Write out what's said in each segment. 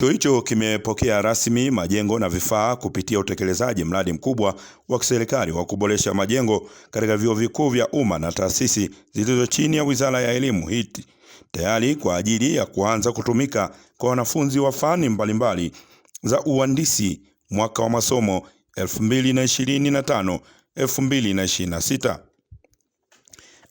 Kituo hicho kimepokea rasmi majengo na vifaa kupitia utekelezaji mradi mkubwa wa kiserikali wa kuboresha majengo katika vyuo vikuu vya umma na taasisi zilizo chini ya Wizara ya Elimu HITI, tayari kwa ajili ya kuanza kutumika kwa wanafunzi wa fani mbalimbali za uhandisi mwaka wa masomo 2025/2026.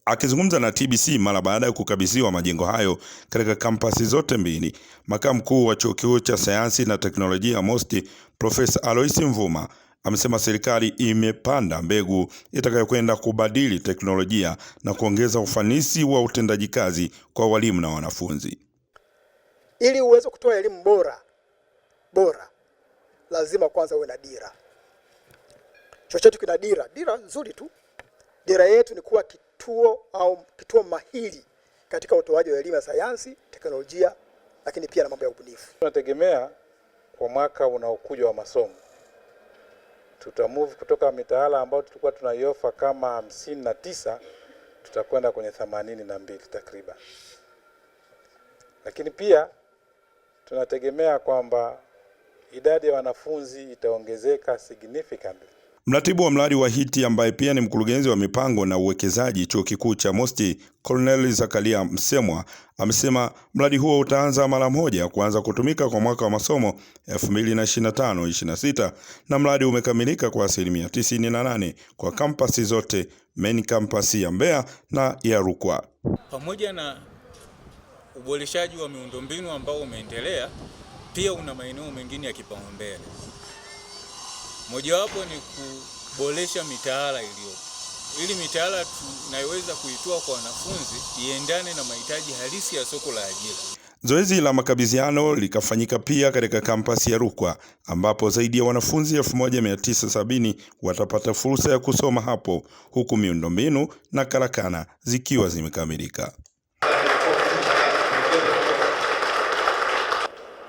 Akizungumza na TBC mara baada ya kukabidhiwa majengo hayo katika kampasi zote mbili, makamu mkuu wa chuo kikuu cha sayansi na teknolojia MOST Profesa alois Mvuma amesema serikali imepanda mbegu itakayokwenda kubadili teknolojia na kuongeza ufanisi wa utendaji kazi kwa walimu na wanafunzi. Ili uweze kutoa elimu bora bora, lazima kwanza uwe na dira. Chochote kina dira, dira nzuri tu. Dira yetu ni kuwa kituo au kituo mahiri katika utoaji wa elimu ya sayansi, teknolojia, lakini pia na mambo ya ubunifu. Tunategemea kwa mwaka unaokuja wa masomo move kutoka mitaala ambayo tulikuwa tunaiofa kama hamsini na tisa tutakwenda kwenye themanini na mbili takriban, lakini pia tunategemea kwamba idadi ya wanafunzi itaongezeka significantly. Mratibu wa mradi wa HEET ambaye pia ni mkurugenzi wa mipango na uwekezaji Chuo Kikuu cha Mosti, Colonel Zakaria Msemwa amesema mradi huo utaanza mara moja kuanza kutumika kwa mwaka wa masomo 2025-26 na, mradi umekamilika kwa asilimia 98 kwa kampasi zote, main campus ya Mbeya na ya Rukwa. Pamoja na uboreshaji wa miundombinu ambao umeendelea, pia una maeneo mengine ya kipaumbele Mojawapo ni kuboresha mitaala iliyopo ili mitaala tunayoweza kuitoa kwa wanafunzi iendane na mahitaji halisi ya soko la ajira. Zoezi la makabidhiano likafanyika pia katika kampasi ya Rukwa ambapo zaidi ya wanafunzi 1970 watapata fursa ya kusoma hapo huku miundombinu na karakana zikiwa zimekamilika.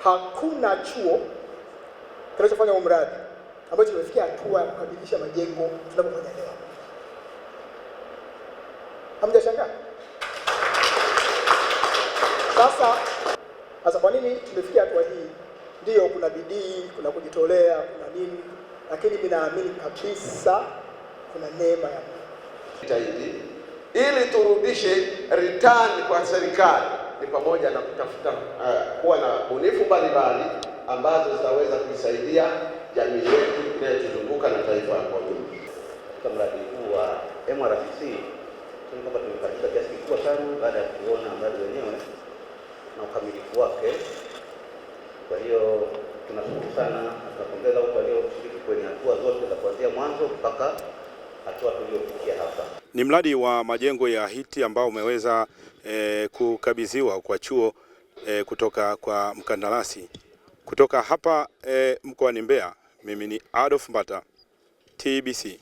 Hakuna chuo kinachofanya umradi ambacho tumefikia hatua ya kukamilisha majengo tunapofanya leo. Hamjashangaa? Sasa sasa, kwa nini tumefikia hatua hii? Ndiyo, kuna bidii, kuna kujitolea, kuna nini, lakini mimi naamini kabisa kuna neema ya Mungu. ili turudishe return kwa serikali ni pamoja na kutafuta uh, kuwa na bunifu mbalimbali ambazo zitaweza kuisaidia jamii yetu inayotuzunguka na taifa kwa ujumla. Katika mradi huu wa MRC tuna kwamba kiasi kikubwa sana baada ya kuona mradi wenyewe na ukamilifu wake. Kwa hiyo tunashukuru sana na tunapongeza watu walioshiriki kwenye hatua zote za kuanzia mwanzo mpaka hatua tuliyofikia hapa. Ni mradi wa majengo ya hiti ambao umeweza eh, kukabidhiwa kwa chuo eh, kutoka kwa mkandarasi. Kutoka hapa e, mkoani Mbeya, mimi ni Adolf Mbata, TBC.